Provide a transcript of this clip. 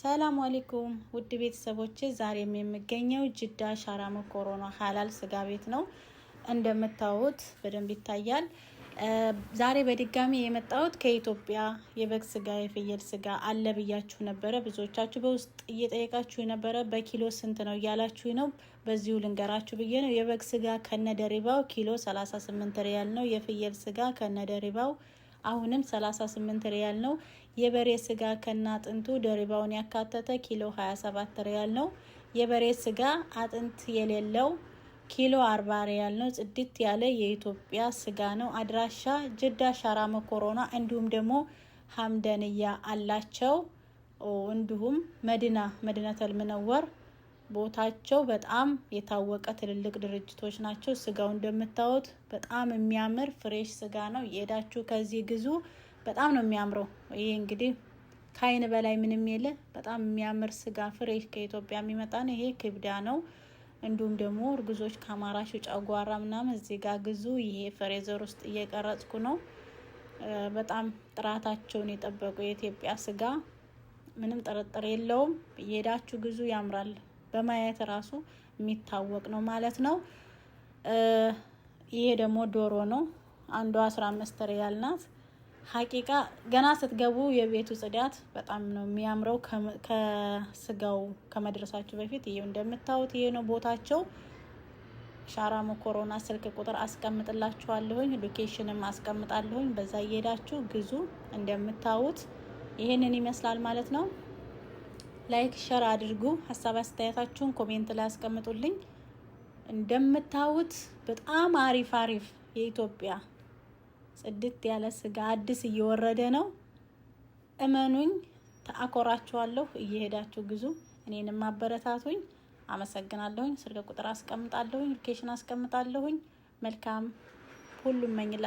ሰላም አለይኩም ውድ ቤተሰቦች፣ ዛሬም የምገኘው ጅዳ ሻራ መኮሮና ሀላል ስጋ ቤት ነው። እንደምታዩት በደንብ ይታያል። ዛሬ በድጋሚ የመጣሁት ከኢትዮጵያ የበግ ስጋ፣ የፍየል ስጋ አለ ብያችሁ ነበረ። ብዙዎቻችሁ በውስጥ እየጠየቃችሁ ነበረ፣ በኪሎ ስንት ነው እያላችሁ ነው። በዚሁ ልንገራችሁ ብዬ ነው። የበግ ስጋ ከነደሪባው ኪሎ 38 ሪያል ነው። የፍየል ስጋ ከነደሪባው አሁንም 38 ሪያል ነው። የበሬ ስጋ ከና አጥንቱ ደሪባውን ያካተተ ኪሎ 27 ሪያል ነው። የበሬ ስጋ አጥንት የሌለው ኪሎ 40 ሪያል ነው። ጽድት ያለ የኢትዮጵያ ስጋ ነው። አድራሻ ጅዳ ሻራ መኮሮና እንዲሁም ደግሞ ሀምደንያ አላቸው። እንዲሁም መዲና መዲነተል ምነወር ቦታቸው በጣም የታወቀ ትልልቅ ድርጅቶች ናቸው። ስጋው እንደምታዩት በጣም የሚያምር ፍሬሽ ስጋ ነው። የሄዳችሁ ከዚህ ግዙ። በጣም ነው የሚያምረው። ይሄ እንግዲህ ከአይን በላይ ምንም የለ። በጣም የሚያምር ስጋ ፍሬሽ ከኢትዮጵያ የሚመጣ ነው። ይሄ ክብዳ ነው። እንዲሁም ደግሞ እርጉዞች ከአማራሽ ጨጓራ ምናምን እዚህ ጋር ግዙ። ይሄ ፍሬዘር ውስጥ እየቀረጽኩ ነው። በጣም ጥራታቸውን የጠበቁ የኢትዮጵያ ስጋ ምንም ጥርጥር የለውም። እየሄዳችሁ ግዙ። ያምራል። በማየት ራሱ የሚታወቅ ነው ማለት ነው። ይሄ ደግሞ ዶሮ ነው። አንዷ አስራ አምስት ሪያል ናት። ሀቂቃ ገና ስትገቡ የቤቱ ጽዳት በጣም ነው የሚያምረው። ከስጋው ከመድረሳችሁ በፊት ይሄው እንደምታዩት ይሄ ነው ቦታቸው። ሻራ መኮሮና ስልክ ቁጥር አስቀምጥላችኋለሁኝ፣ ሎኬሽንም አስቀምጣለሁኝ። በዛ እየሄዳችሁ ግዙ። እንደምታዩት ይህንን ይመስላል ማለት ነው። ላይክ ሸር አድርጉ። ሀሳብ አስተያየታችሁን ኮሜንት ላይ አስቀምጡልኝ። እንደምታዩት በጣም አሪፍ አሪፍ የኢትዮጵያ ጽድት ያለ ስጋ አዲስ እየወረደ ነው። እመኑኝ፣ ተአኮራችኋለሁ። እየሄዳችሁ ግዙ፣ እኔንም አበረታቱኝ። አመሰግናለሁኝ። ስልክ ቁጥር አስቀምጣለሁኝ፣ ሎኬሽን አስቀምጣለሁኝ። መልካም ሁሉም መኝላ